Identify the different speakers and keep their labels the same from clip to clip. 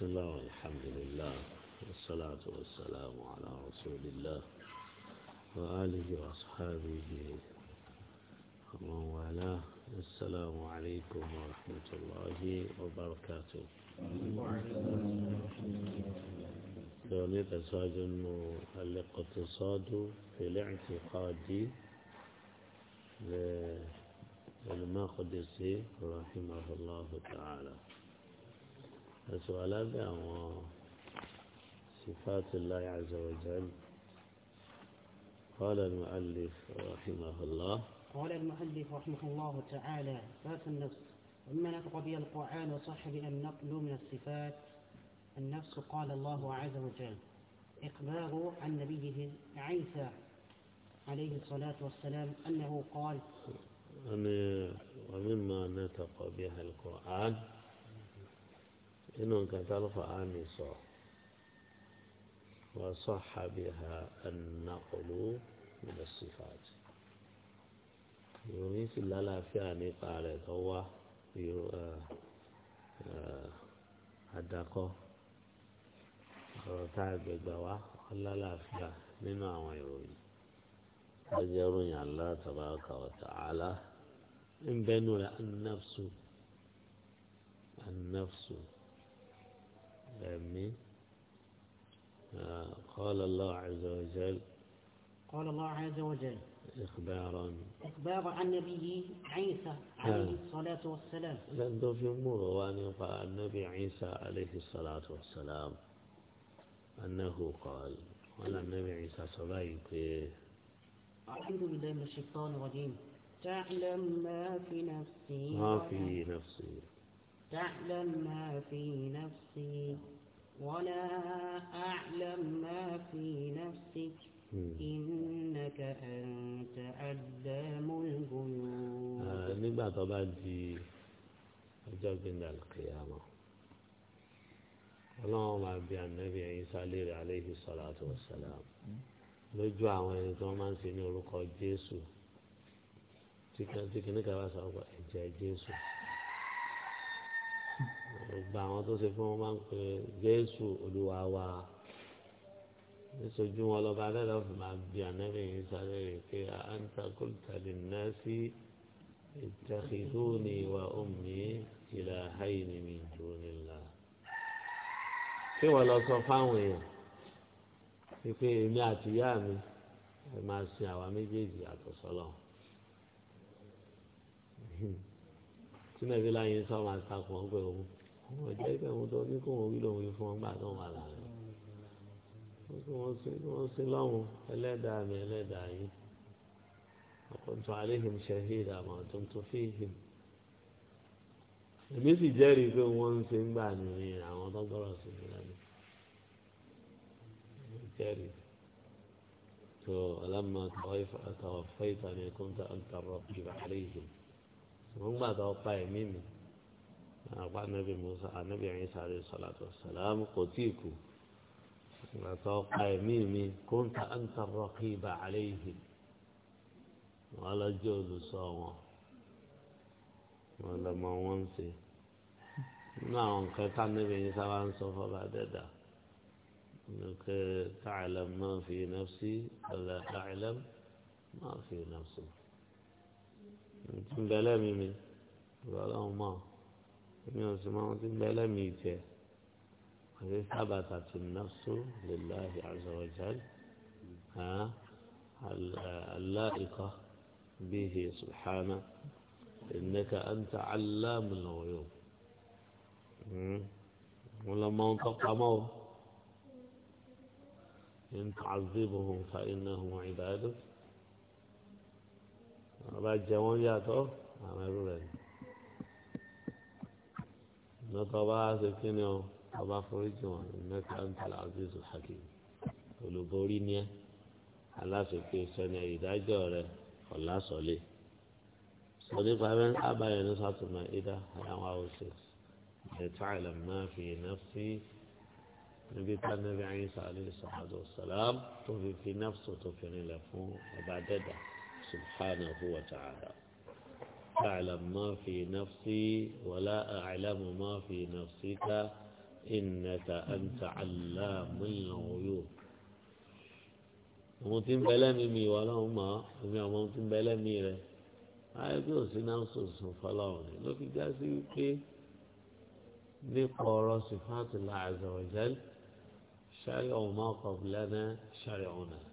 Speaker 1: بسم الله والحمد لله والصلاة والسلام على رسول الله وآله وأصحابه ومن والاه السلام عليكم ورحمة الله وبركاته يعني تساج أنه الاقتصاد في الاعتقاد للمقدسي رحمه الله تعالى ẹ̀sùn هذا هو صفات الله عز وجل قال المؤلف رحمه الله
Speaker 2: قال المؤلف رحمه الله تعالى صفات النفس اما نطق به القرآن وصح بأن نقل من الصفات النفس قال الله عز وجل إخبار عن نبيه عيسى عليه الصلاة والسلام أنه قال
Speaker 1: ومما نطق بها القرآن إنو قتل فآميصا وصح بها النقل من الصفات يونيس اللالا فياني قالت هو حدقو آه، آه، خرطاء بقوا اللالا فيا مما هو يوني أجرني الله تبارك وتعالى ان بينه النفس النفس أمي آه، قال الله عز وجل
Speaker 2: قال الله عز وجل
Speaker 1: إخبارا
Speaker 2: إخبار عن نبيه عيسى عليه آه. الصلاة والسلام
Speaker 1: لأنه في مغوان النبي عيسى عليه الصلاة والسلام أنه قال قال النبي عيسى صبيك
Speaker 2: أعوذ بالله من الشيطان الرجيم تعلم ما في نفسي ما في نفسي تعلم ما في نفسي ولا أعلم ما في نفسك hmm. إنك أنت علام الغيوب ah,
Speaker 1: nígbà tó bá di ọjọ́ gbẹ̀ndà kìyàmọ́ ọlọ́run máa bi ànábì ẹ̀yìn sálẹ̀rẹ̀ aláìhí sọ́láàtù wọ̀sálàm lójú àwọn ẹni tí wọ́n máa ń ṣe ní orúkọ jésù tí kìnnìkan bá sọ ẹ̀jẹ̀ jésù gbogbo àwọn tó ṣe fún wọn máa ń pe jésù olúwa wa níṣojú wọn lọ́ba adẹ́dàá fún máa bí ànábì yìí sáré rẹ̀ pé anta qulta linnasi ittakhiduni wa ummi ilahayni min dunillah. kí wọ́n lọ sọ fáwọn èèyàn pípé èmi àti ìyá mi ẹ máa sin àwa méjèèjì àtọ̀sọ́lọ́ tí nàìjíríà yìí sọ máa takùn ọgbẹ́ òun. wọ́n jẹ́ pé àwọn tó ní kó wọ́n wí lòun yìí fún wọn gbà tó wà láàrin kí wọ́n sin kí wọ́n sin lọ́hùn ẹlẹ́dàá mi ẹlẹ́dàá yìí ọkọ̀tún aléhìm ṣẹ̀hídà àmọ́ tuntun fíhìm èmi sì jẹ́rìí pé wọ́n ń sin gbà nìyí àwọn tó gbọ́rọ̀ sí mi lẹ́nu jẹ́rìí tó ọlọ́mọ tọwọ́ fẹ́ ìtàn ẹ̀kọ́ ń ta ọ̀rọ̀ ìbàlẹ̀ ìhìm wọ́n gbà tó pa ẹ̀mí mi. àpá anabi musa anabi Isa alayhi salatu wassalam kò tí ì kú gbàtọ pa ẹmí mi kunta anta raqiba alayhim wọn lọ jẹ olùṣọ́ wọn wọn lọ mọ wọn ń ṣe nínú àwọn nǹkan tá anabi Isa wá ń sọ fọba dẹdà nípa ta'lam ma fi nafsi wala ta'lam ma fi nafsi ntúndẹlẹ mímí ìwà Ọlọ́run máa. میاں زمان دن بیلا میتے اگر کیا بات آتی نفس عز وجل ها اللائقة به سبحانه انك انت علام الغيوب ولما انتقموا ان تعذبهم فانه عبادك رب الجوان يا تو لك lọ́kọ̀ bá ṣe kí ni ọ ọba foríjì wọn mẹ́ta ń tẹ̀lé aziz hakim olùborí ni ẹ aláṣepé sọni ìdájọ́ rẹ ọ̀làsọ̀lẹ̀ sọ nípa bẹ́ẹ̀ abayọ̀ ní sátúmọ̀ ìdá àwọn àwòṣe ẹ̀tọ́ àìlàmọ́ fi nafsi níbi tá nàbí àyínsá alayhi salatu wassalam tó fi fi nafsi tó fi fún ọba dẹ́dà subhanahu wa ta'ala. أعلم ما في نفسي ولا أعلم ما في نفسك إنك أنت علام الغيوب àwọn tí ń bẹ lẹ́mìí ọlọ́run mọ́ èmi àwọn tí ń bẹ lẹ́mìí rẹ̀ ayé bí ò sí náà sòsùn fọlọ́run ni ló fi já sí wípé nípa ọ̀rọ̀ sífáàtì láàzọ̀ ọ̀jẹ́ ṣàríọ̀ ọ̀mọ́kọ̀ọ́bùlẹ́nà ṣàríọ̀ náà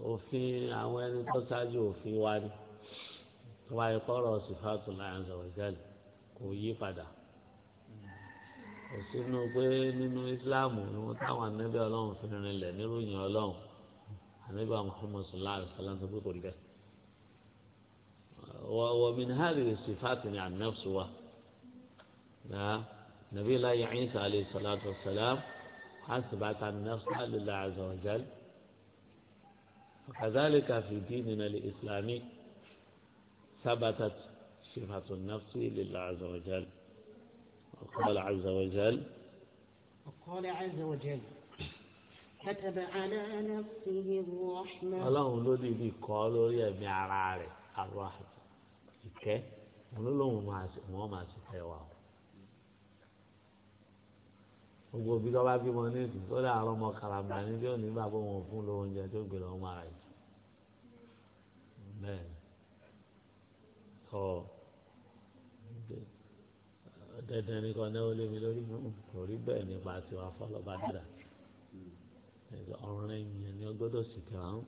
Speaker 1: òfin àwọn ẹni tó ṣáájú òfin wa ni wọ́n ayé kọ́rọ̀ sífàtù láàrin sọ̀rọ̀jẹ́lì kò yí padà kò sínú pé nínú Islam ni wọ́n táwọn anábì ọlọ́run fi rinlẹ̀ níròyìn ọlọ́run anábì Muhammad sallallahu alaihi wasallam tó kò rí bẹ́ẹ̀ wọ́n mi ní hàbí sífàtù ní ànáfsù wa nàbí láyé Ìsá alayhi salatu wassalam àsìbàtà ànáfsù alìlá àzọ̀rọ̀jẹ́lì. وكذلك في ديننا الإسلامي ثبتت صفة النفس لله عز وجل وقال عز وجل
Speaker 2: وقال عز وجل كتب على نفسه الرحمة الله
Speaker 1: لو دي دي قالوا يا معراري الرحمة كيف ولو لهم ما ما سيوا gbogbo bí lọ́ba bímọ ní ìsìn tó dáa ọmọ karamba ní bí òní bá bóun fún lọ oúnjẹ tó gbé lọ́wọ́ ara yìí bẹ́ẹ̀ ọ dandan ní kan náà ó lé mi lórí kò rí bẹ́ẹ̀ nípa tiwa fọlọ́ba dára ọ̀ràn èèyàn ni ọgbọ́dọ̀ sìkẹ́ àwọn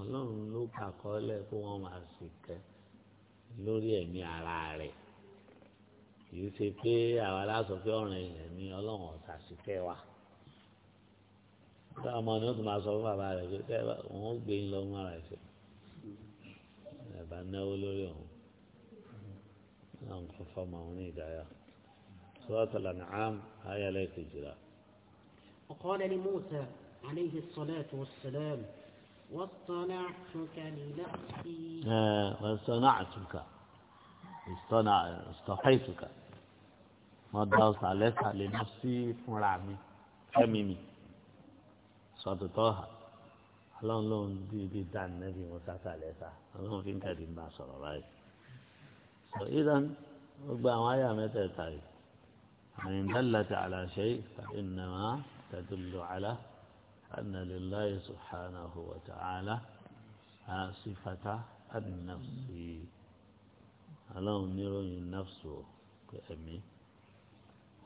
Speaker 1: ọlọ́run ló kà kọ́ lẹ̀ kó wọ́n máa sìkẹ́ lórí ẹ̀mí ara rẹ̀. kì í ṣe pé àwa láṣọ pé ọ̀rìn ilẹ̀ ni ọlọ́run ọ̀sà sí kẹ́ wa tí ọmọ ni ó tún máa sọ fún bàbá rẹ̀ pé òun ó gbé yín lọ mú ara ẹ̀sẹ̀ bàbá náwó lórí òun náà kún fọmọ òun ní ìdáyà sọ́ọ́tà lànàám ayálẹ̀ kejìlá.
Speaker 2: وقال لموسى عليه الصلاة والسلام واصطنعتك لنفسي
Speaker 1: آه واصطنعتك اصطنع اصطحيتك mo da ọ̀sà lẹ́sà lè lọ sí fúnra mi fẹ́mi mi sọ̀tòtò hà ọlọ́run ló ń bí ibi dání nẹ́bí mo sàtà lẹ́sà ọlọ́run fi ń tẹ̀lé ń bá sọ̀rọ̀ báyìí sọ ìdán gbogbo àwọn àyà mẹ́tẹ̀ẹ̀ta yìí àyìn dálàtì àlàṣẹ ìnàmá tẹ̀dùlù àlá ànàlélàyé subhanahu wa ta'ala àṣìfàtà àdìnnàfsì ọlọ́run níròyìn náfsù ẹ̀mí.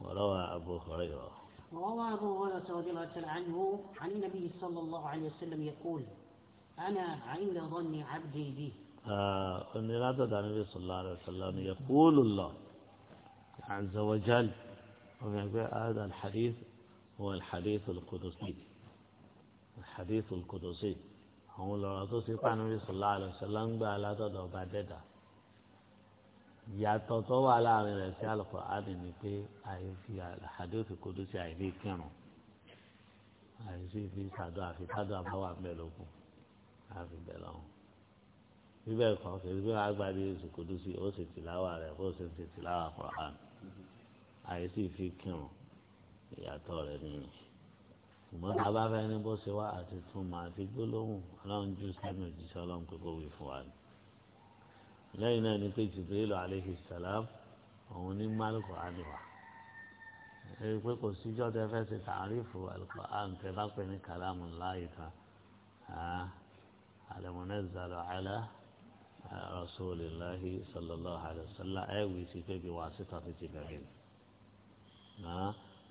Speaker 1: وروى أبو هريرة
Speaker 2: وروى أبو هريرة رضي الله عنه عن النبي صلى الله عليه وسلم يقول أنا عند ظن عبدي بي
Speaker 1: النبي آه، النبي صلى الله عليه وسلم يقول الله عز وجل هذا الحديث هو الحديث القدسي الحديث القدسي هو لو رأتوا النبي صلى الله عليه وسلم بألا بعد ذلك ìyàtọ̀ tó wà láàrin rẹ̀ sí Al-Qur'ani ni pé àìsí àdéhùn kò dùn sí àìní kírun àìsí ìfi sàdó àfikádó àbáwá mẹ́lòkùn àfibẹ̀lọ́hùn bíbẹ̀ kan kì í bí wọ́n agbára Jésù kò dùn sí ó sì tìláwà rẹ̀ ó sì ti tìláwà Qur'an àìsí ìfi kírun ìyàtọ̀ rẹ̀ nìyẹn ṣùgbọ́n tá a bá fẹ́ ní bó ṣe wá àti túmọ̀ àti gbólóhùn ọlọ́run jù sẹ́nu òjíṣẹ́ ọlọ́run pé kó wí fún wa ni lẹ́yìn náà ni pé Jibrilu aleyhi salam òun ní málùkù àníwá èyí pé kò síjọ́ tẹ fẹ́ ṣe tààrífù al-Qur'an tẹ bá pè ní kàlámù láàyè kan al-munazzalu ala rasulillahi sallallahu alayhi wa sallam ẹ̀ wí sí pé bí wàá sí tàbí Jibril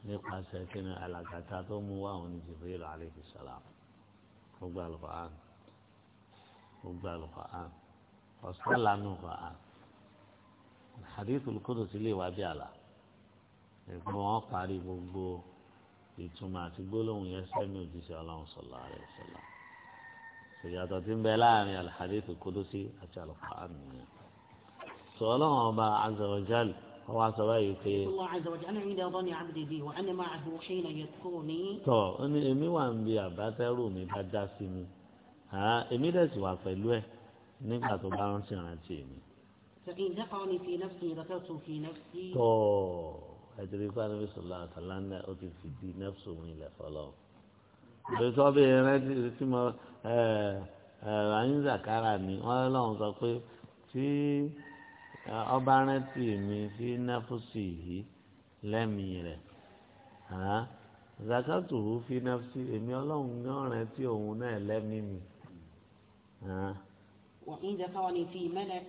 Speaker 1: nípasẹ̀ kí ni alàgàtà tó mú wá òun ní Jibrilu aleyhi salam gbogbo al-Qur'an gbogbo al-Qur'an ọ̀sán lànà Qur'an Hadithul Qudsi lè wá bí àlà ẹ̀gbọ́n wọn parí gbogbo ìtumọ̀ àti gbólóhùn yẹn sẹ́mi òjíṣẹ́ ọlọ́run sọ̀lá rẹ̀ sọ̀lá ìyàtọ̀ tí ń bẹ láàrin Al-Hadithul Qudsi àti Al-Qur'an nìyẹn sọ ọlọ́run ọba Azza wa Jalla wọ́n wá sọ báyìí pé. tọ́ ọ ní èmi wà ń bi àbátẹ́rù mi bá dá sí mi èmi dẹ̀ sì wà pẹ̀lú ẹ̀ nígbà tó bá rántí rántí mi. tó ẹ̀dùrí pa níbi sọ̀lá àtàlá ńlá ó ti fìdí nẹ́fṣù mi ilẹ̀ fọlọ́. ìbẹ̀tọ́ bí rántí tí mo ràyìn zakara ni wọ́n lọ́hùn sọ pé tí ọba rántí mi sí nẹ́fṣù yìí lẹ́mìí rẹ̀ zakatu fi nẹ́fṣù èmi ọlọ́run ní ọ̀rẹ́ tí òun náà lẹ́mìí mi.
Speaker 2: وإن ذكرني في ملأ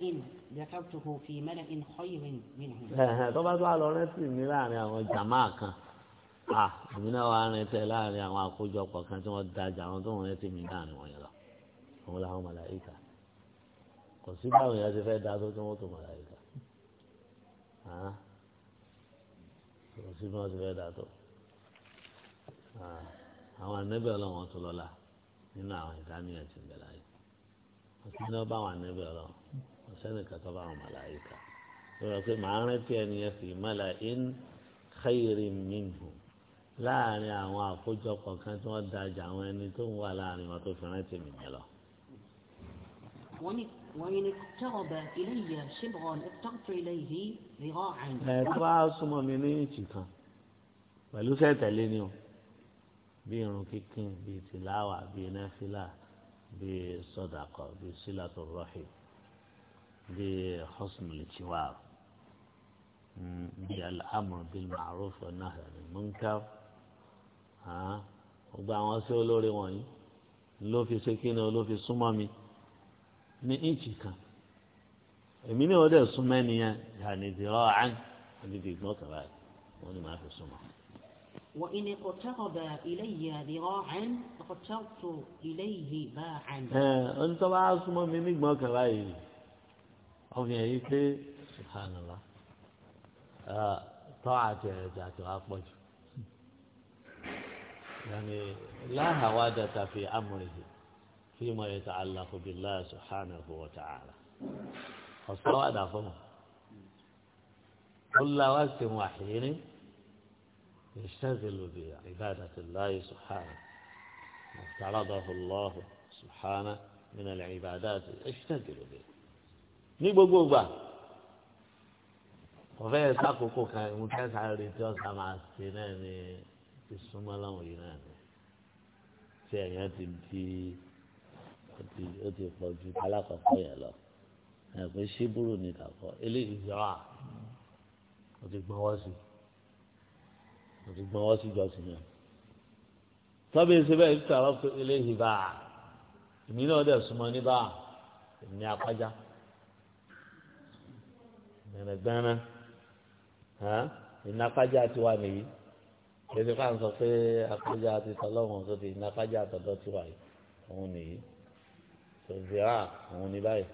Speaker 2: ذكرته في ملأ خير منهم
Speaker 1: طبعا طبعا لو نتي من لاني àwọn jamaa kan ah mi na wa rin te láàrin àwọn àkójọpọ̀ kan tí wọ́n da ja àwọn tó wọ́n ti mi láàrin wọn yẹn lọ àwọn la àwọn màláíkà kò sí ba wọn ya ṣe fẹ́ da tó tí wọ́n tó màláíkà ah kò sí ba ṣe fẹ́ da tó ah àwọn ànábì Ọlọ́run tó lọ́lá nínú àwọn ìdániyàn tí ń bẹ láyé òfin náà bá wà níbi ọ̀rọ̀ ọ̀sẹ́ni kàtọ́ bá wọn màláyíkà lọ́rọ̀ pé màá rántí ẹni yẹn fi mọ́lá in xeyìrì mímu láàrin àwọn àkójọpọ̀ kan tí wọ́n da jà àwọn ẹni tó ń wà láàrin wọn tó fi rántí mi yẹn lọ. ẹ̀ tó bá súnmọ́ mi ní ìtì pẹ̀lú sẹ́tẹ̀lé ni o bí irun kíkín bíi tìláwà bíi náfìlà bíi sọdàkọ bíi sílàtò rahim bíi hosn lìtìwàr bíi alhamdu bíi ma'ruf nahi munkar gbogbo àwọn sí olórí wọ̀nyí ló fi ṣe kí ni ló fi súnmọ́ mi ní ìjì kan èmi ní ọdẹ súnmọ́ ẹnìyẹn yàní dìrọ̀ àn àti dìgbọ́n kàrà ẹ̀ wọ́n ní màá fi súnmọ́.
Speaker 2: وإن اقترب إلي ذراعا اقترت إليه باعا أنت
Speaker 1: بعاصمة منك ما كرائي أو يا عيسى سبحان الله آه، طاعة جاءت أقبج يعني لا هوادة في أمره فيما يتعلق بالله سبحانه وتعالى فالصواد قل لا واسم وحيني يشتغل بعبادة الله سبحانه ما افترضه الله سبحانه من العبادات يشتغل به ní gbogbo gbà ọ̀fẹ́ sákòókò kan ìmú kẹsàn-án rí tí ọ̀sán máa ṣe náà ni ti súnmọ́ láwọn yìí náà ni tí ẹ̀yàn ti di ó ti pọ̀ ju alákọ̀ọ́kọ́ yẹn lọ ẹ̀ pé ṣíbùrù ni tàkọ́ eléyìí yọ̀ à ó ti gbọ́wọ́ sí i mo ti gbọ́n wọ́n sí ìjọsìn yẹn tọ́bí ẹsẹ̀ bẹ́ẹ̀ ti tààrọ́ fún eléyìí bá a èmi náà dẹ̀ súnmọ́ ní bá a èmi ní apájá gbẹ̀rẹ̀gbẹ̀rẹ̀ ìnápájá ti wà nìyí èsì ká ń sọ pé apájá ti tọ́lọ́wọ́n tó ti ìnápájá àtọ̀dọ́ ti wà yìí òun nìyí tòzíà ah, òun ní báyìí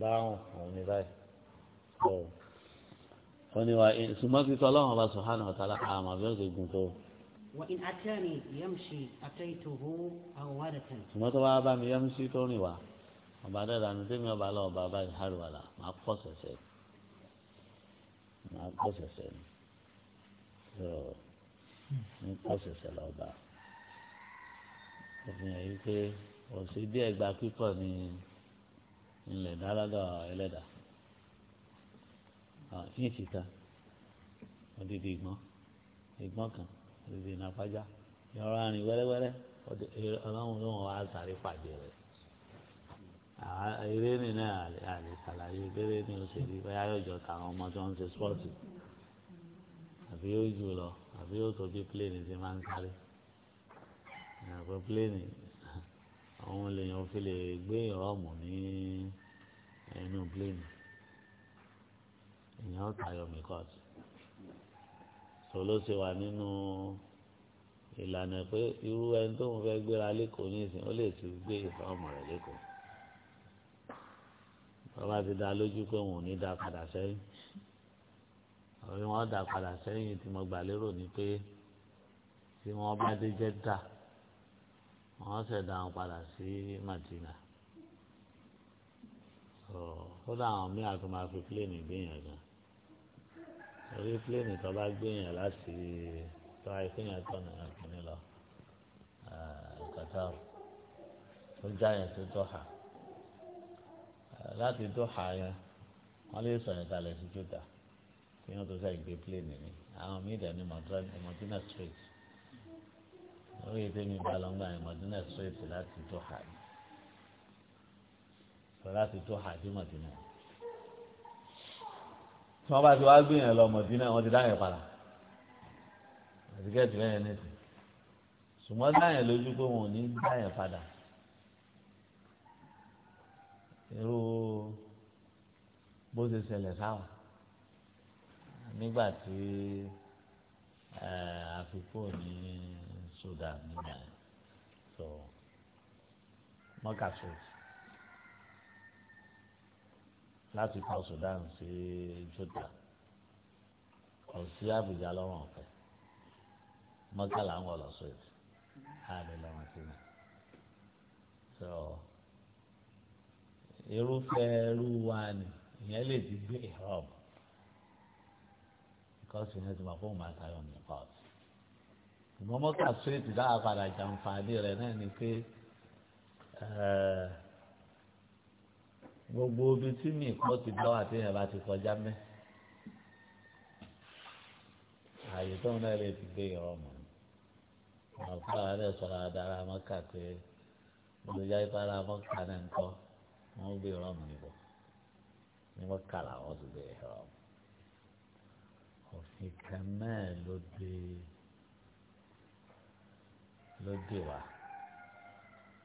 Speaker 1: báwọn òun ní báyìí wọ́n ní wa eh, ṣùgbọ́n ti tọ́ ọlọ́run ọba subhanahu wa ta'ala àmọ́ bí wọ́n ṣe gùn tó.
Speaker 2: وإن أتاني يمشي أتيته عوادة
Speaker 1: ثم تبا بام يمشي توني وا وبعد أن تمي بالا بابا يحر ولا ما قصة سيد ما قصة سيد ما قصة سيد لو با òfin ẹ̀yí pé òsì díẹ̀ gba pípọ̀ ní ilẹ̀ dáradà ẹlẹ́dàá ní ìsìta odidi ìgbọ́n ìgbọ́n kan odidi ìnàpájá ìrora rìn wẹ́rẹ́wẹ́rẹ́ ọlọ́run ló ń wá sáré pàdé rẹ̀ eré ni náà àlè ṣàlàyé eré ni ó ṣe rí bóyá yóò jọ tàwọn ọmọ tó ń ṣe spọ́ọ̀tì àbí yóò jù lọ àbí yóò tó bí pléènì ti máa ń sáré àpò pléènì àwọn lèèyàn fi lè gbé ìrọ́mù ní ẹnu pléènì èèyàn tayọ mìkọ́t sọlọ́ ṣe wà nínú ìlànà pé irú ẹni tó ń fẹ́ gbéra lẹ́kọ̀ọ́ nísìn ó lè ti gbé ìfọ́ọ̀mù rẹ̀ lẹ́kọ̀ọ́ bàbá ti dá lójú pé òun ò ní dá padà sẹ́yìn àwọn wọn dá padà sẹ́yìn tí mo gbà lérò ni pé tí wọ́n bá dé Jẹ́dà wọ́n ṣẹ̀dá wọn padà sí Madina ó dáhùn mí àti máa fi pílẹ̀nì gbìyànjú orí pílẹ̀nì tó bá gbéyàn láti tó àìkéyàn tọ̀nà ìrìnkùnrin lọ ah, Qatar tó jáyàn tó Doha láti Doha yẹn wọ́n lè sọ̀yìn kalẹ̀ sí Júdà kí wọ́n tó sẹ́yìn gbé pílẹ̀nì ni àwọn míì dẹ̀ ní street orí ètò mi bá lọ gbà ní Madina street láti Doha ni láti Doha sí Madina tí wọ́n bá ti wá gbé yẹn lọ Mọ̀dínà wọ́n ti dá yẹn padà àtìkẹ́tì lẹ́yìn nìkan ṣùgbọ́n dá yẹn lójú pé wọn ò ní dá yẹn padà irú bó ṣe ṣẹlẹ̀ sáwọn nígbà tí àfikún ní Sudan nígbà yẹn so mọ́kà ṣòṣì láti kan Sudan sí Juda kò sí Abuja lọ́rùn ọ̀fẹ́ mọ́kànlá ń wọ̀ lọ sóòtù ààrẹ lọ́rùn sí mi. sọ irúfẹ́ ẹrú wa ni ìyẹn lè ti gbé ìrọ̀b kọ́sì ní ti máa fóun máa tayọ̀ nípa ọ̀sẹ̀. ìmọ̀mọ́kà sóòtù dáhà padà jàǹfààní rẹ̀ náà ni pé gbogbo ibi tí mi kọ́ ti gbọ́ àti yẹn bá ti kọjá mẹ́ ààyè tó ń náà lè fi gbé ìrọ̀ mọ́ àfa rẹ̀ sọ̀rọ̀ adára mọ́kà pé olùyá ìpara mọ́kà náà ń kọ́ wọ́n gbé ìrọ̀ mọ́ níbọ̀ ní mọ́kà làwọn ti gbé ìrọ̀ mọ́ òfin kan ló dé ló dé wa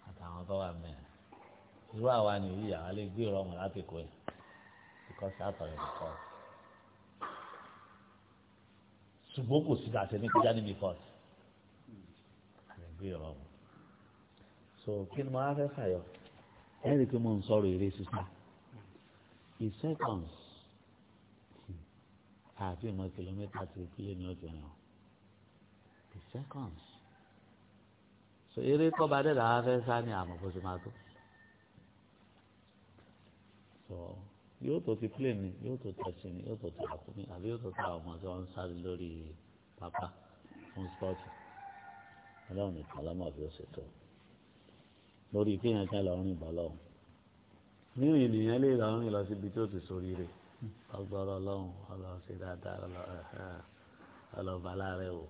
Speaker 1: àtàwọn tó wà mẹ́rin irú àwa nìyí àwa lè gbé ìrọ̀rùn láti kó yẹn because out of the court ṣùgbọ́n kò sí àṣẹ ní kọjá níbi court gbé ìrọ̀rùn so kí ni mo á fẹ́ fàyọ ẹ rí i pé mo ń sọ̀rọ̀ eré sísá ìsẹ́kọ̀nsì àti ìmọ̀ kìlómítà ti kílé ní ọjọ́ náà the seconds so eré kọ́ba dẹ́dà wá fẹ́ sá ní àmọ́ kó máa tó sọ yóò tó ti plane ni yóò tó tẹsí ni yóò tó ti àkómi àbí yóò tó ta ọmọ tí wọn ń sáré lórí pápá fún spọtù Ọlọ́run nìkan lọmọ bí ó ṣe tó lórí kéèyàn kẹ lọ rìn bọ lọ́hùn nínú ènìyàn lè lọ rìn lọ síbi tí ti sórí rẹ̀ ọgbọrọ lọ́hùn ọlọ ṣe dáadáa ọlọ ọlọ bàálà rẹ wò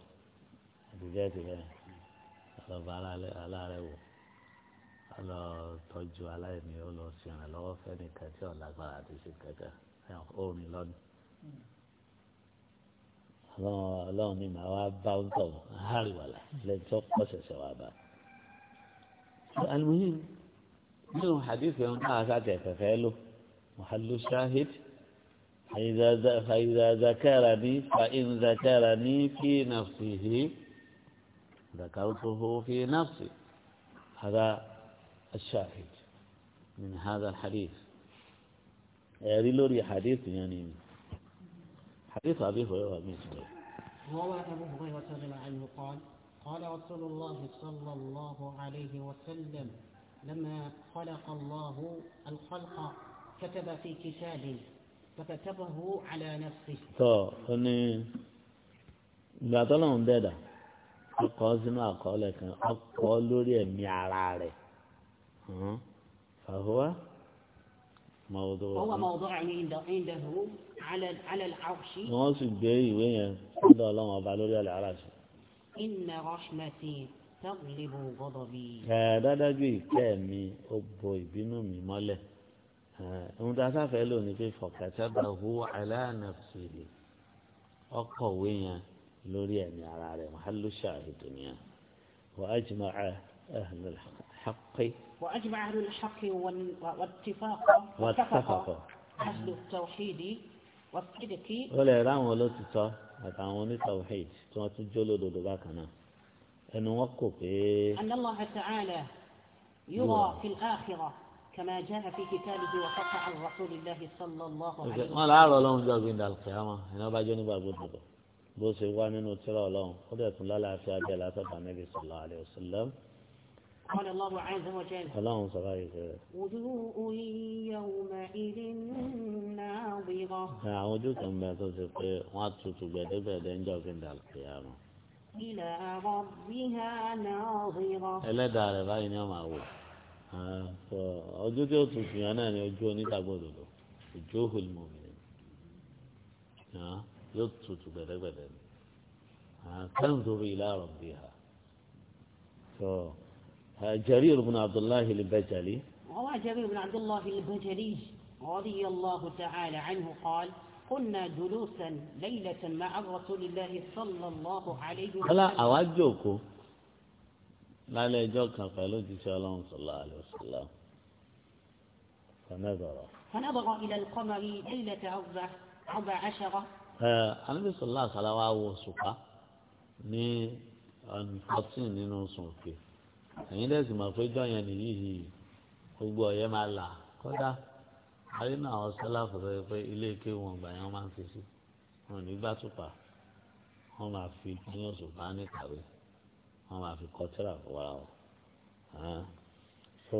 Speaker 1: àtijọ́ ti rẹ ọlọ bàálà rẹ wò. lọ tọ́jú aláìní ó lọ sí ìrànlọ́wọ́ fẹ́nìkan tí ọ̀làgbára àti sí kẹ̀kẹ́ orin lọ́nà. ọlọ́run ni màá wá bá ń tọ̀ hárìwàlà lẹ́yìn tó pọ̀ ṣẹ̀ṣẹ̀ wà bá. alimuhin nínú hadith yẹn náà sáté fẹ́fẹ́ lò muhalu shahid فإذا ذكرني فإن ذكرني في نفسه ذكرته في نفسي هذا الشاهد من هذا الحديث يعني لوري حديث يعني حديث أبي هريرة بالنسبة
Speaker 2: روى أبو هريرة رضي عنه قال قال رسول الله صلى الله عليه وسلم لما خلق الله الخلق كتب في كتاب فكتبه على نفسه طب
Speaker 1: أني بعد الله دادا أقوى قال أقوى لك لوري ميعراري فهو موضوع هو
Speaker 2: موضوع عنده عنده على على العرش
Speaker 1: ما سجي وين هذا الله ما بالوري على العرش
Speaker 2: إن رحمتي تغلب غضبي هذا
Speaker 1: ده جي كمي أبوي بنومي ماله ohun tí a sáfẹ́ lò ní pé fọ̀kàtàbà hu aláàánàfẹ́lẹ̀ ọkọ̀wé yẹn lórí ẹ̀mí ara rẹ̀ mahalusha ìdùnnìyàn wàá jìnnà ahlul haqqi.
Speaker 2: وأجمع أهل الحق والاتفاق واتفق أهل التوحيد والصدق ولا يرام ولا
Speaker 1: تتا أتعاوني توحيد ثم تجلو دودباكنا أن وقف
Speaker 2: أن الله تعالى يرى في الآخرة كما جاء في كتابه وقطع الرسول الله صلى الله عليه وسلم. ما لا
Speaker 1: ọlọ́run لهم gbìndà kìámà القيامة bá jẹ́ onígbàgbọ́ dùdù bó ṣe wá nínú tírà ọlọ́run ó dẹ̀ tún lálàáfíà bẹ́ẹ̀ látọ̀dọ̀ anábì sallallahu alaihi
Speaker 2: قال الله عز وجل
Speaker 1: اللهم صل على سيدنا
Speaker 2: وجوه يومئذ ناظرة
Speaker 1: أعوذ كما تصدق واتسوت بدبا دنجا في القيامة
Speaker 2: إلى ربها ناظرة
Speaker 1: إلا دار باين يوم أول ọjọ́ tí ó tún fi hàn náà ni ọjọ́ onígbàgbọ́dọ̀dọ̀ ọjọ́ olùmọ̀mìnì yóò tutù gbẹ̀dẹ́gbẹ̀dẹ́ ni kẹ́ńtò rí ìlà rọ̀ جرير بن عبد الله البجلي
Speaker 2: روى جرير بن عبد الله البجلي رضي الله تعالى عنه قال كنا جلوسا ليلة مع رسول الله صلى الله عليه وسلم لا
Speaker 1: أوجهكم لا لا يجوك قالوا صلى الله عليه وسلم فنظر
Speaker 2: فنظر إلى القمر ليلة أربع أربع عشرة
Speaker 1: النبي صلى الله عليه وسلم وسقى ni ọ̀nà 14 nínú sùn ẹ̀yin lẹ́sìn mọ̀ pé jọ̀yàn nìyí yìí gbogbo ọ̀yẹ́ máa là kọ́dà àrínà àwọn sálàfù tó yẹ pé ilé ike wọn gbà yẹn máa ń fi sí wọn nígbà tùpà wọn máa fi ní oṣù bá ní kàwé wọn máa fi kọ́tẹ́rà fúnra wọn. so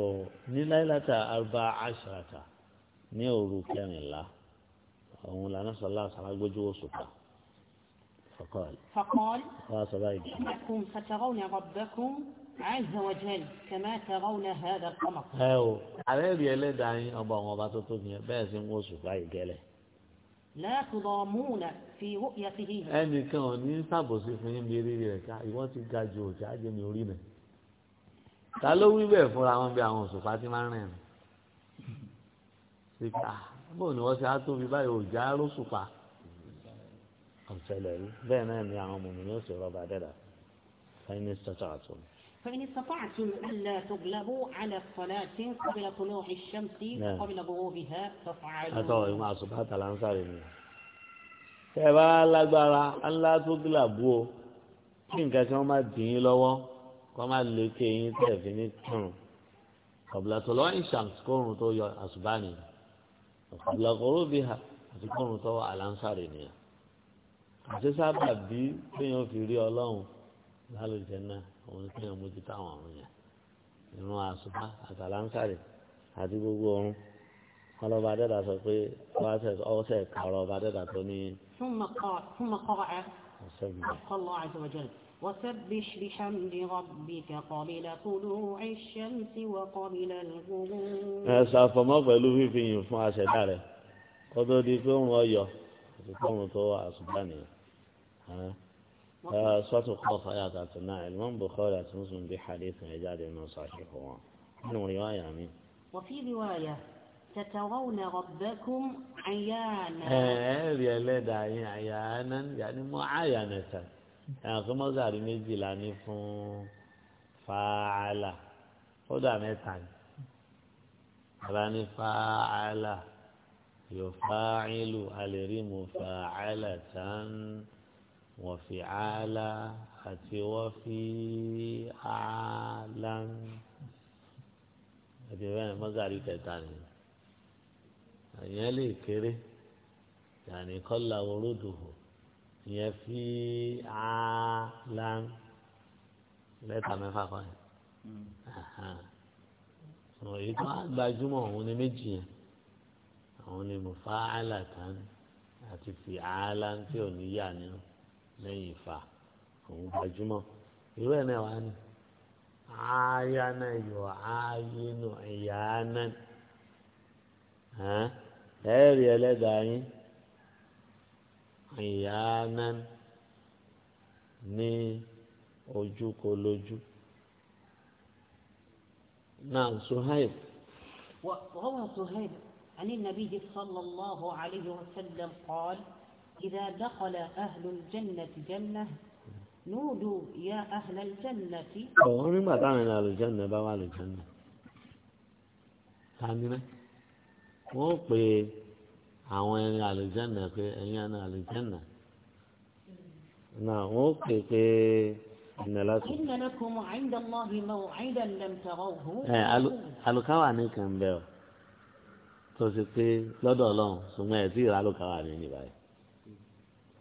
Speaker 1: ní láìláta arba ashrata ní òru kẹrìnlá òun lànà sọlá sàlágbójú oṣù kan. فقال فقال فقال
Speaker 2: إنكم فترون ربكم عز وجل كما ترون هذا القمر
Speaker 1: أو عربي اللي دعين أبا وما تطبني بس ينقص باي قاله
Speaker 2: لا تضامون في رؤيته
Speaker 1: أني كان ينصب وصفين بيريري لك يوان تلقى جوج عجم يورينا ta ló wí bẹ́ẹ̀ fúnra wọn bí àwọn òṣùpá ti máa ń rìn síta bóun ni wọ́n ṣe á tóbi báyìí òjá lóṣùpá ọ̀sẹ̀lẹ̀ rí bẹ́ẹ̀ náà ni àwọn mòmìnir ó sì rọ́bà dẹ́dà fẹ́ẹ́ ní sọ́tọ̀ àtúnú.
Speaker 2: فإن استطعتم ألا تغلبوا على الصلاة قبل طلوع الشمس وقبل غروبها فافعلوا أتوقع مع سبحانه
Speaker 1: الأنصار tẹ́ẹ̀bá lágbára ńlá tó gílàbú o kí nǹkan tí wọ́n máa dì yín lọ́wọ́ kó máa lè ké yín tẹ̀fí ní kírun ọ̀bùlàtọ̀ lọ́wọ́ ìṣàǹkórun tó yọ àṣùbá nìyẹn ọ̀bùlàkọ̀rọ̀ bí ha àti kórun tó wà àlàǹsàrè nìyẹn àti sábà bí téèyàn fi rí ọlọ́run lálùjẹ náà òun kí èèyàn mójú táwọn ọ̀run yẹn ìrun àṣùbá àtàlánsárì àti gbogbo ọ̀run wọn lọ bá dẹ́dà sọ pé ọwọ́sẹ̀ kàrọ̀ bá dẹ́dà tó ní.
Speaker 2: وسبح بحمد الشمس وقبل الغروب ẹ̀sà
Speaker 1: fọmọ́ pẹ̀lú fífi yìn fún àṣẹ̀dá rẹ̀ kó tó di pé òun ọyọ̀ àti pọ́ùn tó àṣùbá nìyẹn فصوت خاص آيات أتنا علمان بخاري مسلم بحديث عجاد من صحيحه من رواية أمين
Speaker 2: وفي رواية تترون ربكم عيانا يا
Speaker 1: آه، لدى عيانا يعني معاينة يعني ما زال نجلاني فون فاعلة خدا ميتان أباني فاعلة يفاعل الريم فاعلة wọ́fi àlà àti wọ́fi àlà àti bẹ́ẹ̀ mọ́gàrí kẹta ni àyẹ́ lè kéré yàní kọ́là orúdùhù ìyẹn fi àlà lẹ́tà mẹ́fà kọ́ yẹn èyí tó gbajúmọ̀ òun ni méjì yẹn àwọn ni mufa'alatan àti fi àlà tí ò ní yà nínú. lẹ́yìn ìfà òun gbajúmọ̀ irú ẹ̀ náà wà ní aya náà yọ ayé nù ẹ̀yà náà ẹ̀rì ẹlẹ́dàá yín ẹ̀yà náà ní ojú kò lójú náà suhaib.
Speaker 2: وروى سهيل عن النبي صلى الله عليه وسلم قال إذا دخل أهل الجنة جنة نودوا يا أهل الجنة أوه ما تعمل
Speaker 1: أهل الجنة بابا أهل الجنة تعمل wọ́n pe àwọn ẹni àlùjáná pé ẹ̀yin àna àlùjáná náà wọ́n pe pé ìnàlá tó. ẹ alukawa ní kàn bẹ́ẹ̀ o tó ṣe pé lọ́dọ̀ ọlọ́run ṣùgbọ́n ẹ̀ tí ìrà alukawa ní ní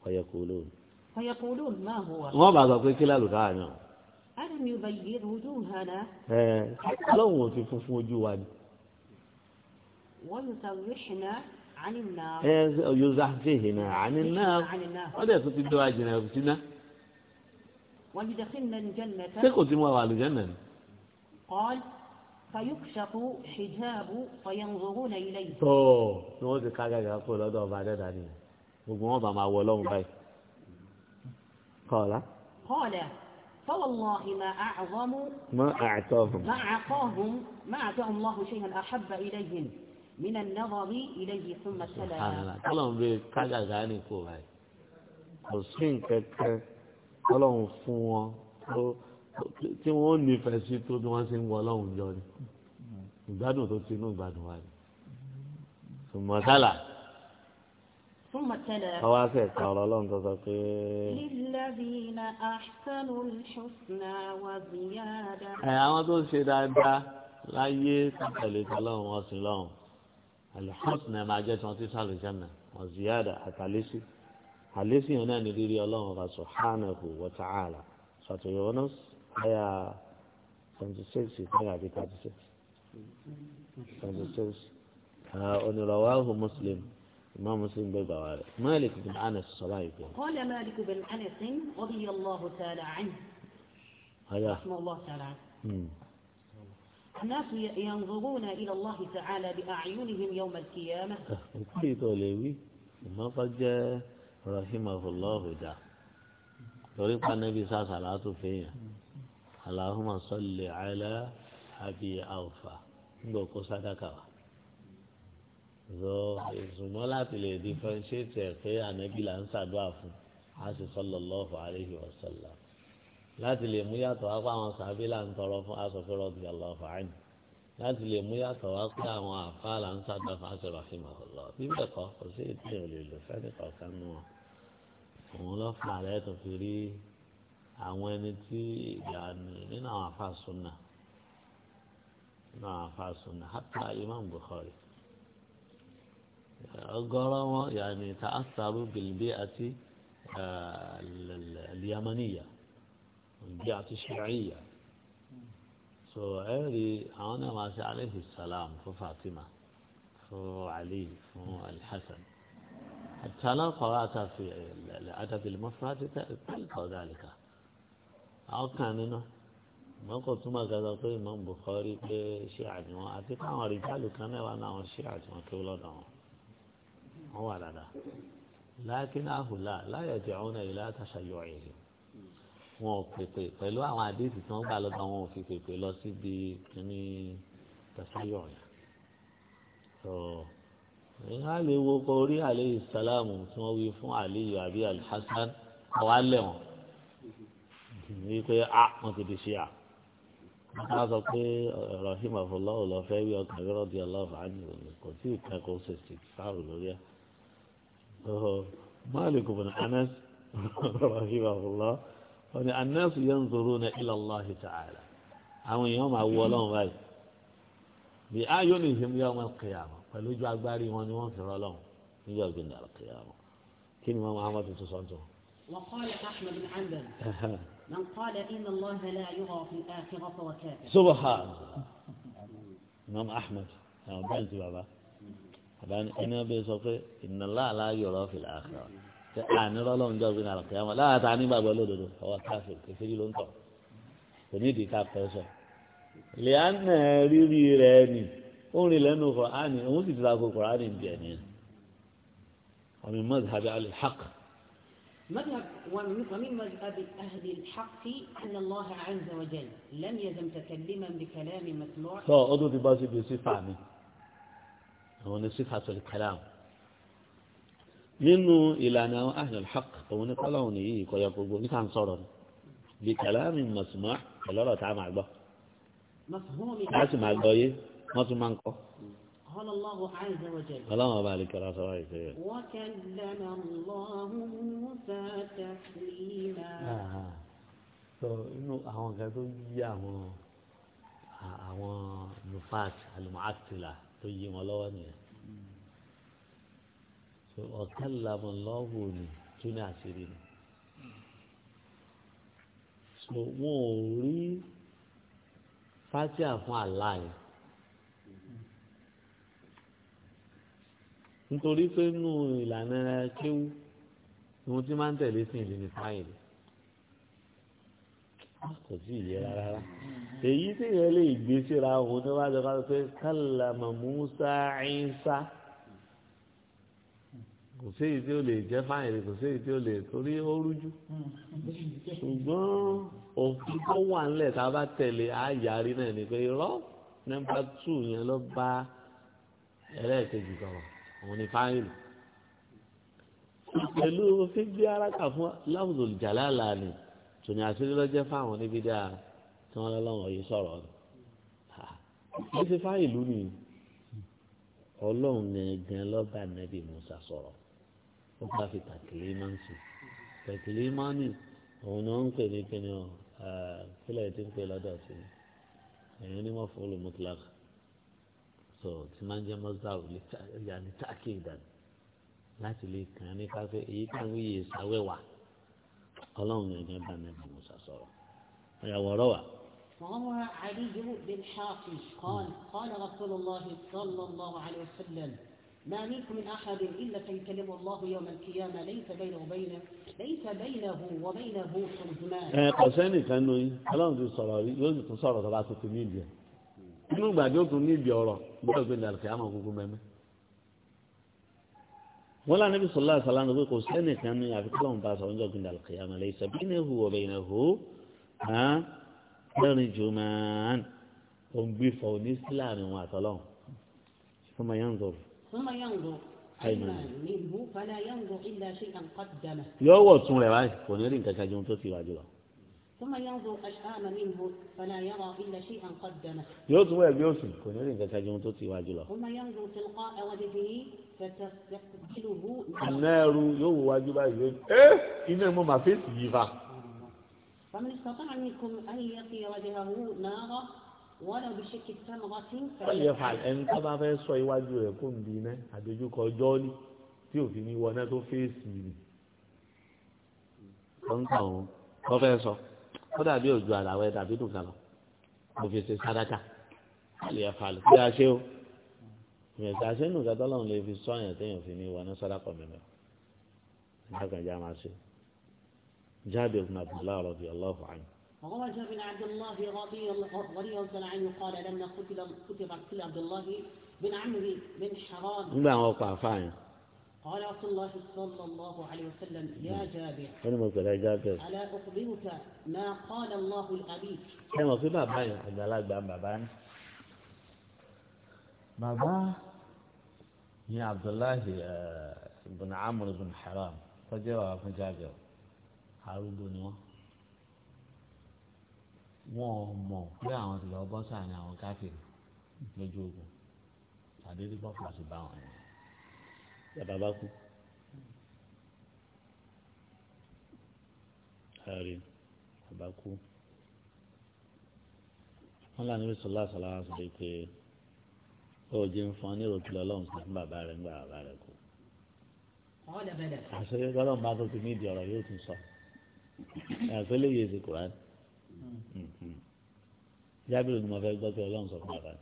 Speaker 1: فيقولون
Speaker 2: فيقولون ما هو ما بعد أقول كلا لدعنا ألم يبيض وجوهنا
Speaker 1: لو في وجوهنا
Speaker 2: ويزحزحنا عن النار
Speaker 1: يزحزحنا عن النار هذا كنت الدعاء جنابتنا
Speaker 2: ويدخلنا الجنة تقول
Speaker 1: ما على الجنة
Speaker 2: قال فيكشف حجاب فينظرون إليه.
Speaker 1: أوه، نوزي كاكا كاكو هذا بعد ذلك gbogbo wọn bá máa wọ ọlọ́run báyìí kọ́ọ̀lá.
Speaker 2: kọ́ọ̀lá فوالله ما أعظم ما أعطاهم ما أعطاهم ما أعطاهم الله شيئا أحب إليهم من النظر إليه ثم
Speaker 1: السلام سبحان الله ọlọ́run bí kájà gánì kú báyìí kò sí nǹkan kan ọlọ́run fún wọn tí wọ́n nífẹ̀ẹ́ sí tó bí wọ́n ṣe ń wọ ọlọ́run jọ ni ìgbádùn tó ti inú ìgbádùn wa ni sùmọ́sálà.
Speaker 2: ثم تلا حواسس قال
Speaker 1: الله انت
Speaker 2: للذين احسنوا الحسنى وزياده اي
Speaker 1: àwọn tó ṣe dáadáa láyé tẹ̀lé Ọlọ́hun wọ́n sìn Ọlọ́hun alhusna ma jẹ́ ton ti sale janna wa ziyada atalisi alisi yana ni riri Ọlọ́hun ba subhanahu wa ta'ala sato yunus aya 26 aya 36 26 ah onirawahu muslim ما مسلم بيضع عارف مالك بن أنس صلاحي يعني.
Speaker 2: قال مالك بن أنس رضي الله تعالى عنه هذا اسم الله تعالى عنه الناس ينظرون إلى الله تعالى بأعينهم يوم القيامة
Speaker 1: قلت أه، لي ما قد رحمه الله دا طريق النبي صلى الله عليه وسلم اللهم صل على أبي أوفى نقول صدقه zọ ìsùnmọ́ láti lè differentiate ẹ̀ pé ànábì là ń ṣàdúrà fún a sì sallallahu alaihi wasallam láti lè mú yàtọ̀ wá pé àwọn sàbí là ń tọrọ fún asòfin rọ̀bì ọlọ́fà àìní láti lè mú yàtọ̀ wá pé àwọn àfa là ń ṣàdúrà fún asòfin rahim ọlọ́ bí bẹ́ẹ̀ kọ́ kò sí ètò ìrìn lò fẹ́ni kọ̀ọ̀kan nù wọn òun lọ fà rẹ tó fi rí àwọn ẹni tí ìyá nínú àwọn àfa قرأوا يعني تأثروا بالبيئة آه، اليمنية البيئة الشيعية سو عيري أنا ماشي عليه السلام في فاطمة في علي الحسن حتى لا قرأت في الأدب المفرد تلقى ذلك أو كان إنه ما قلت ما قلت من بخاري Bukhari pé ṣé رجال àti káwọn àríjálù kan náà wọ́n wà dáadáa láàkín àhùlà láyọ̀jẹ̀ ọ̀hún náà ìlà àtàṣàyọ̀ ẹ̀yìn wọn ò pèpè pẹ̀lú àwọn àdéhùn tí wọ́n gbà lọ́dọ̀ wọn ò fi pèpè lọ síbi kíní tàṣàyọ̀ yẹn. ìhà lè wo kọ orí àlẹ́ ìsàlámù tí wọ́n wí fún Aliyu àbí Alhassan ọ̀wá lẹ̀ wọ́n wípé a ah, wọn ti di ṣe à wọn sọ pé rahim afọláwò lọ fẹ́ wí ọkàn rírọ̀ di ọlọ́ọ̀fà ánìyàn kò tí ì kẹ́kọ̀ọ́ ṣe ṣèkì sáàrù lórí ẹ̀. مالك بن أنس رحمه الله أن الناس ينظرون إلى الله تعالى أو يوم أولون غير بأعينهم يوم القيامة فلوجوا أكباري ونوان في رلون يوم القيامة كن ما أحمد تصنته
Speaker 2: وقال أحمد بن حنبل من قال إن الله لا يرى في الآخرة كافر سبحان
Speaker 1: الله إمام نعم، أحمد نعم، بابا هذا إنا بيسوق إن الله لا يرى في الآخرة أنا رأى لهم جوزين على القيامة لا تعني ما بقوله دو دو هو كافر كفري لون طو فني دي كاب تيسو لأن ريبي ريني أولي لأنه قرآن أمو دي تلاقوا قرآن بياني ومن مذهب على الحق
Speaker 2: مذهب ومن مذهب أهل الحق أن الله عز وجل لم يزم تكلما بكلام مسموع
Speaker 1: فأدو دي باسي بيسي àwọn ní sífàtò kalam nínú ìlànà àwọn ahlul haqq òun ní kọ́láwọn nìyí ìkọyọ gbogbo ní ká ń sọ̀rọ̀ ni bí kàlámì mọ̀sùmọ́ ọlọ́rọ̀ tá a máa gbọ́
Speaker 2: a sì máa gbọ́ yé
Speaker 1: wọ́n tún máa ń kọ́. ọlọ́run ọba àlekẹ́ ọ̀la sọ̀rọ̀ ìṣe rẹ̀. so inú àwọn kan tó yí àwọn àwọn nufaat alimuatila tó yí wọn lọ́wọ́ nìyẹn so ọ̀kẹ́ làmọ̀ lọ́wọ́ ni tún ní àṣírí ni so wọn ò rí fásíà fún àlá yẹn nítorí pé nínú ìlànà kéwú ni wọ́n ti máa ń tẹ̀lé sí ìlú ní fáyìlì kò sí ìlera rárá èyí tí yẹn lè gbé síra òun ni wọ́n á jọ ká pé kálàmà Musa Ìsá kò sí èyí tí ó lè jẹ́ fáyìrì kò sí èyí tí ó lè torí ó rújú ṣùgbọ́n òfin tó wà ńlẹ̀ tá a bá tẹ̀lé àyàrí náà ni pé irọ́ nọ́mbà tù yẹn ló bá ẹlẹ́ẹ̀kejì sọ̀rọ̀ òun ni fáyìrì pẹ̀lú fífi ara fún láwùjọ jàlá lánìí tòní àṣírí ló jẹ́ fáwọn níbi dáa tí wọ́n lọ́wọ́ yìí sọ̀rọ̀ ní ti fá ìlú ni ọlọ́run gangan lọ́ba nẹ́bí Musa sọ̀rọ̀ ó bá fi tàkìlì máa ń sùn tàkìlì máa ń òun ni wọ́n ń pè ní kíni ọ eh, kílẹ̀ tí ń pè lọ́dọ̀ sí i èèyàn ní wọ́n fọ́ olùmọ́tòlákà so tí máa ń jẹ́ mọ́sáwù yà ní táàkì ìdàgbà láti lè kàn án ní káfẹ́ èyí táwọn yìí sáwẹ́ wà. قالوا يا جماعة النبي موسى صلى الله عليه وسلم
Speaker 2: وهو علي بن بالحاقش قال قال رسول الله صلى الله عليه وسلم ما منكم من أحد إلا سيكلم الله يوم القيامة ليس بينه وبينه ليس بينه وبينه ترجمان إيه قسيني
Speaker 1: كانوا إيه قالوا في الصلاة يوم القصارة ثلاثة ميديا إنهم بعد يوم ميديا ورا بقى بين القيامة وقوم بمه wọ́n lánàá bí sọlá àṣàlá ní pé kò sẹ́nì kan ní àfikún bá sọ̀rọ̀ ní ọ̀gbìn dàlùkì àmà lè sọ bí náà hùwà bẹ́ẹ̀ náà hù án lẹ́rìn jù máa ń tó ń gbé fọ ní sílá ni wọn àtọ́lọ́ fún ma yàn zòrò.
Speaker 2: fún ma yàn zòrò
Speaker 1: yọ wọ̀ tún rẹ̀ wáyé kò ní rí nǹkan kan jẹun tó ti wájú lọ.
Speaker 2: ثم ينظر أشآم منه فلا يرى إلا شيئا قدمه
Speaker 1: يوتو ويا بيوسي كون يرين كتا جون واجلا
Speaker 2: ثم ينظر تلقاء وجهه فتستقبله النار
Speaker 1: يو واجبا يو إيه إنما ما فيس يفا
Speaker 2: فمن استطاع منكم أن يقي وجهه نارا wọ́n bí ṣékì tán wọ́n ti ń fẹ́. ọ̀yẹ́ fà ẹni tó
Speaker 1: bá fẹ́ sọ iwájú rẹ̀ kó ń di iná àdójúkọ tí òfin ní wọná tó fèsì rì. wọ́n ń kà wọ́n fẹ́ sọ ó dàbí òjò àlàwẹ̀ dàbí dùnkà lọ mo fi ṣe sádàkà àlè ẹ̀fà lè fi àṣẹ o ìrẹsì àṣẹ nù kẹtọ́ lọ́run lè fi sọ àyàn téèyàn fi ní wà ní sádàkà mẹ́mẹ́ nígbà kan já máa ṣe jáde ibn abdullahi rọ̀bì ọlọ́ọ̀fù àyìn.
Speaker 2: وروى جابر عبد الله رضي الله عنه قال لما قتل قتل عبد الله بن عمرو بن حرام. قال رسول الله صلى الله عليه وسلم يا جابر أنا ممكن يا جابر ألا أخبرك ما قال الله لأبيك أنا في بابا يا
Speaker 1: الله بابا بابا يا عبد الله بن عمرو بن حرام فجوا بن جابر arúgbó ni wọn wọn ò mọ pé àwọn ti lọ bọ́ sáà ní àwọn káfíìn lójú ogun àdéhùn bọ́pọ̀ àti báwọn yẹn bàbá bá kú. Ààrẹ bàbá kú. Wọ́n lànà bí sọlá sọlá sọ pé ó jẹ́ ń fọn ní òkè lọ́lọ́run sọ fún bàbá rẹ̀ nígbà bàbá rẹ̀ kú. Àṣẹ lọ́lọ́run bá tó ti ní ìdí ọ̀rọ̀ yóò tún sọ. Àṣẹ lè yé èsì Kùránì. Hmm. Hmm, hmm. Jábìrì ni mo fẹ́ gbọ́ pé ọlọ́run sọ fún bàbá rẹ̀.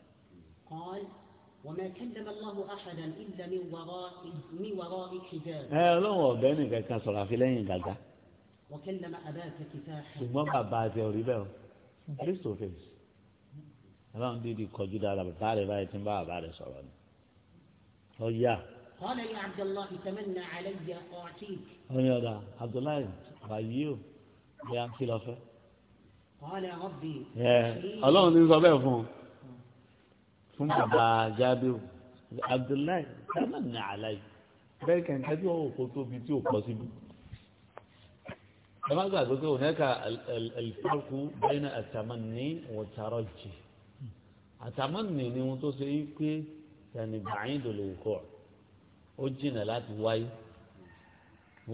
Speaker 2: وما كلم الله أحدا إلا من وراء من وراء حجاب. ẹ ọlọ́run ọ̀bẹ nìkan
Speaker 1: kan sọ̀rọ̀ àfi lẹ́yìn gàgà.
Speaker 2: وكلم أباك
Speaker 1: كفاحا. ṣùgbọ́n bàbá àti ọ̀rí bẹ́ẹ̀ o face to face ọlọ́run dídì kọjú dára bàbá rẹ̀ báyìí tí ń bá bàbá rẹ̀ sọ̀rọ̀ ni. ọ yá.
Speaker 2: قال يا عبد الله تمنى علي أعطيك.
Speaker 1: ó ní ọ̀dà Abdullahi bàyí o bí a kí lọ
Speaker 2: قال ربي. ọlọ́run ti
Speaker 1: sọ bẹ́ẹ̀ fún bàbá jábẹ́rù abdullahi sábà ní àlàyé bẹ́ẹ̀ kẹ̀kẹ́ tí wọ́n kó tóbi tí ò pọ̀ síbi. ẹ má gbàgbé pé òun ẹ̀ka alfarku bẹ́ẹ̀ni àtàmánì wọ̀tàrọ̀ jì àtàmánì ni wọn tó ṣe yí pé yàní bàáyìn dòlè kọ́ ó jìnà láti wáyé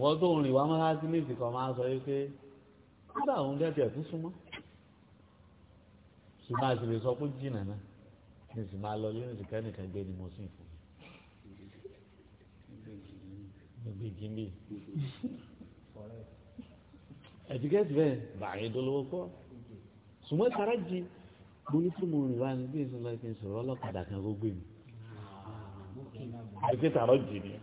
Speaker 1: wọ́n tó ń rìn wá máa sí léèsì kan máa sọ yí pé kódà òun dẹ́tẹ̀ ẹ̀kú súnmọ́ ṣùgbọ́n àṣìlè sọ pé jìnà náà ní sì máa lọ lónìí sì kẹ́nìkan gbé ni mo sì fún gbogbo ìjìnlẹ̀ ẹ̀dígẹ́sì bẹ́ẹ̀ bàyẹ̀ dolówó kọ́ sùmọ́ sára jí mo ní fún mo rìn wá ní bí n sọ̀rọ̀ kí n sọ̀rọ̀ ọlọ́kadà kan gbogbo mi àti tààrọ̀ jì ni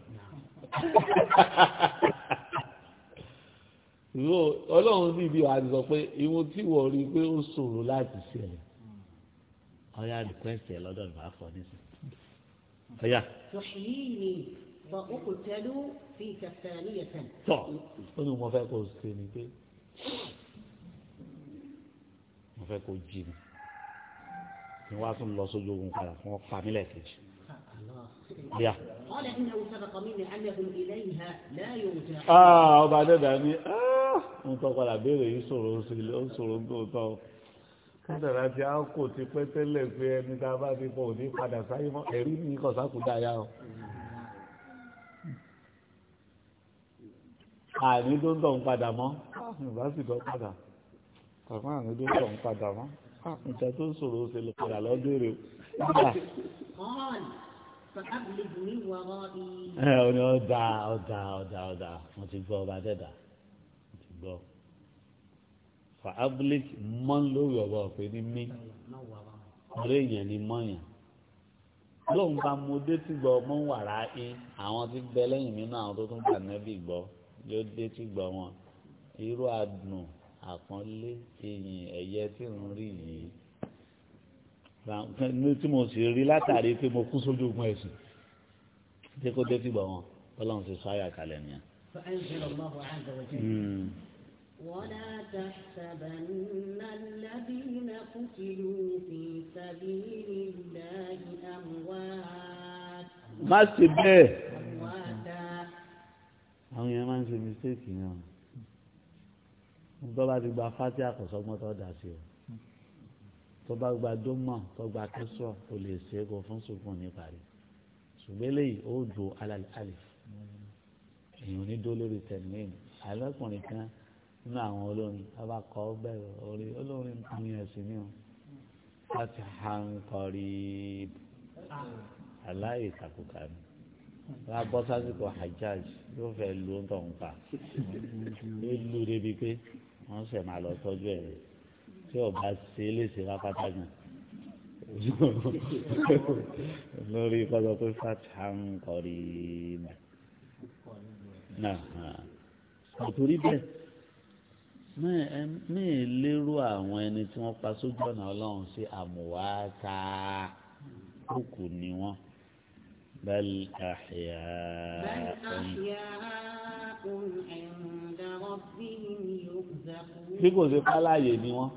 Speaker 1: ọlọ́run bíbí wa ti sọ pé ìwọ̀n tí wọ́n rí i pé ó ṣòro láti ṣẹlẹ̀ ọyá rìkwẹ́sì ẹ̀ lọ́dọ̀ ìbá fọ nísìnyí. ọyá. tọ́ ó ní mo fẹ́ kó o ṣe ni pé mo fẹ́ kó o jí mi ni wàá tún lọ sójú ogun padà fún ọ̀pá mílẹ̀ kejì. ọyá. ọba dẹ́dà ni ń ah, tọ́ padà béèrè yìí sọ̀rọ̀ ó sọ̀rọ̀ ń tó tọ́ kúndàrà ti á kò ti pẹ́ tẹ́lẹ̀ pé ẹni tá a bá ti pọ̀ òní padà sáyé mọ́ ẹ̀rí ní kọ̀sákùdá yá o. àní tó ń tọ̀ ń padà mọ́ ìbá ah, sì tọ́ padà tàbí àní tó ń tọ̀ ń padà mọ́ ah, ìjà tó ń sọ̀rọ̀ ṣe lè padà lọ́dún rẹ̀ o. Eh, ọ̀dà ọ̀dà ọ̀dà ọ̀dà mo ti gbọ́ ọba dẹ́dà mo ti gbọ́ fa ablik mọ́n lórí ọ̀bá ọ̀fẹ́ ní mí ọ̀rẹ́ èèyàn ni mọ́yàn lóun bá mo dé tí gbọ́ mọ́ ń wàrà í àwọn tí bẹ lẹ́yìn nínú àwọn tó tún bà nẹ́bì gbọ́ yóò dé tí gbọ́ wọn irú àdùn àpọ́nlé ìyìn ẹ̀yẹ tí ń rí yìí tí mo sì rí látàrí pé mo kú sójú ogun ẹ̀sìn tí kò dé tí gbọ́ wọn ọlọ́run ti sọ àyàkálẹ̀ nìyẹn.
Speaker 2: ولا تحسبن الذين قتلوا في
Speaker 1: سبيل الله أموات ما سبه أمواتا àwọn èèyàn máa ń ṣe mistake yẹn o tó bá ti gba fati àkọsọgbọn tó dà sí o tó bá gba dómọ tó gba kẹsọ o lè ṣe é kó fún sùkùn ní parí ṣùgbọ́n eléyìí ó dùn alẹ́ èèyàn ní dó lórí tẹ̀lé alákùnrin kan nínú àwọn olórin ọba kọ́ bẹ̀rẹ̀ orí olórin kùnrin ẹ̀sìn ni ó láti ha ń kọrí aláìkàkùkà ni wọ́n á bọ́ sásìkò hajjaj yóò fẹ́ lu ń tọ̀hún pa yóò lu débi pé wọ́n sẹ̀ máa lọ tọ́jú ẹ̀ tí ọba ṣe é léṣe lápáta gan lórí kọ́sọ́ pé fatiha ń kọrí mẹ́ náà nítorí bẹ́ẹ̀ mí ì lérò àwọn ẹni tí wọ́n pa sójú ọ̀nà ọlọ́run sí àmùwáta òkú ni wọ́n bal àhìá bí kò sí pálàyè ni wọ́n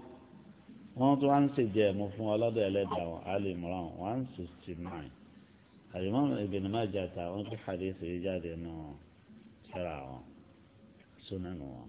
Speaker 1: wọ́n tún wá ń ṣèjẹ́ ẹ̀mú fún ọlọ́dọ̀ ẹlẹ́dàá wọn alimran one sixty nine alimam ibn Majah ta wọn kí hadith yìí jáde nù ṣẹ́ra wọn súnánù wọn.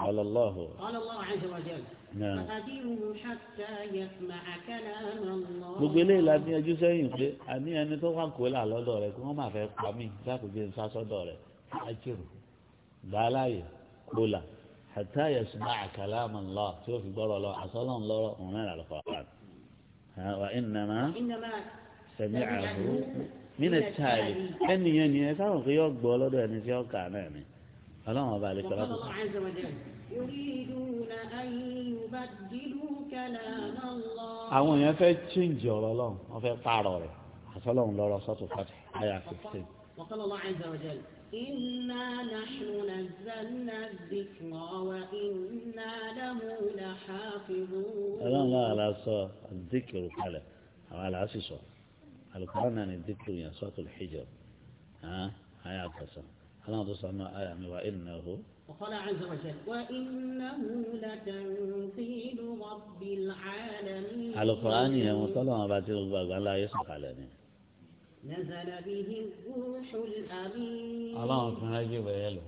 Speaker 1: على الله قال الله عز وجل gbogbo eléyìí la gbìyànjú sẹ́yìn pé ẹni tó wà kó là lọ́dọ̀ rẹ̀ kí wọ́n fẹ́ pa mí ń sásọ́dọ̀ rẹ̀ kó là tí ó fi gbọ́rọ̀ lọ àsọ́lọ́ òun náà lọ́kọ̀ ẹnìyẹn ni ẹ yọ gbọ́ lọ́dọ̀ ẹni tí ọlọ́run ọba àlejò ọlá
Speaker 2: يريدون أن يبدلوا كلام الله
Speaker 1: chíǹjì ọ̀rọ̀ ọlọ́run wọ́n fẹ́ pààrọ̀ rẹ̀ àtọ́lọ́run لهم لا fàtì àyà fifteen.
Speaker 2: وقال الله عز وجل إنا نحن نزلنا الذكر وإنا له لحافظون لا لا
Speaker 1: لا الذكر كلا على عسى القرآن عن الذكر يا صوت الحجر ها هيا قسم أنا تصنع آية وإنه
Speaker 2: وقال عز وجل وإنه لتنزيل رب العالمين على القرآن يا مطلع
Speaker 1: بعد الغبار لا يسمع علينا
Speaker 2: نزل به الروح الأمين الله
Speaker 1: أكبر أجيب يلو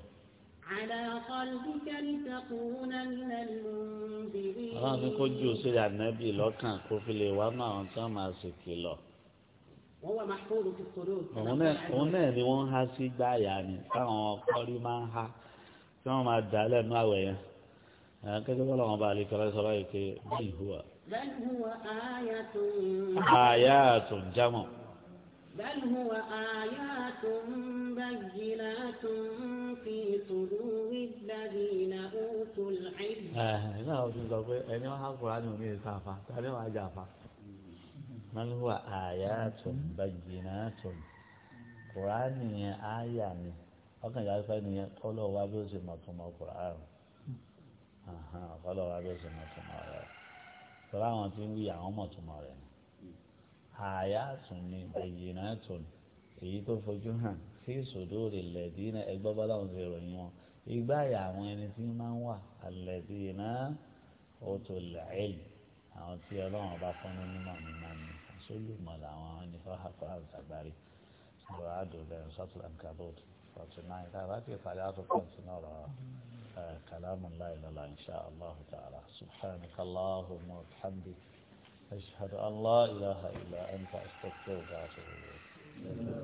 Speaker 2: على قلبك لتكون من المنذرين الله أكبر أجيب سيد
Speaker 1: النبي لو كان كفلي وما أنت ما سكي له
Speaker 2: òun náà ni wọ́n
Speaker 1: ń há sí gbáàyà ni táwọn ọkọ̀rí máa ń há tí wọ́n máa dà lẹ́nu àwẹ̀ yẹn gẹ́gẹ́ bọ́lá wọn bá lè kẹ́lẹ́ sọ báyìí pé bẹ́ẹ̀ ìhùwà. àyà tó ń jámọ̀.
Speaker 2: بل هو آيات بينات في صدور الذين أوتوا العلم. ẹ
Speaker 1: ẹ náà ó ti sọ pé ẹni wọn á kúrò á ní omi wọ́n ní wà àyà tún bàjìnà tún kùránì yẹn àyà ni ọkàn ìyá fẹ́ nìyẹn kọ́lọ̀ wá bí ó sì mọ̀ tún mọ́ kùránì kọ́lọ̀ wá bí ó sì mọ̀ tún mọ́ rẹ̀ tọ́lá àwọn tí ń wí àwọn mọ̀ tún ni àyà ni bàjìnà tún èyí tó fojú hàn sí sòdóòrè lẹ́dí náà ẹgbẹ́ bọ́lá òun ti ròyìn wọn ìgbà yà àwọn ẹni tí máa ń wà àlẹ́dí àwọn tí ọlọ́run bá fọ́n ní mímọ́ mímọ́ ni. sójú mọ̀ làwọn ẹni fáhà fáhàn sàgbárí lọ àdó lẹ́yìn sọ́tún ankabot forty nine tá a bá ti parí àtúntàn sínú ọ̀rọ̀ kàlámù láì lọ́la insha allah ta'ala subhanaka allahumma wa bihamdika ashhadu an la ilaha illa anta astaghfiruka wa atubu ilayk.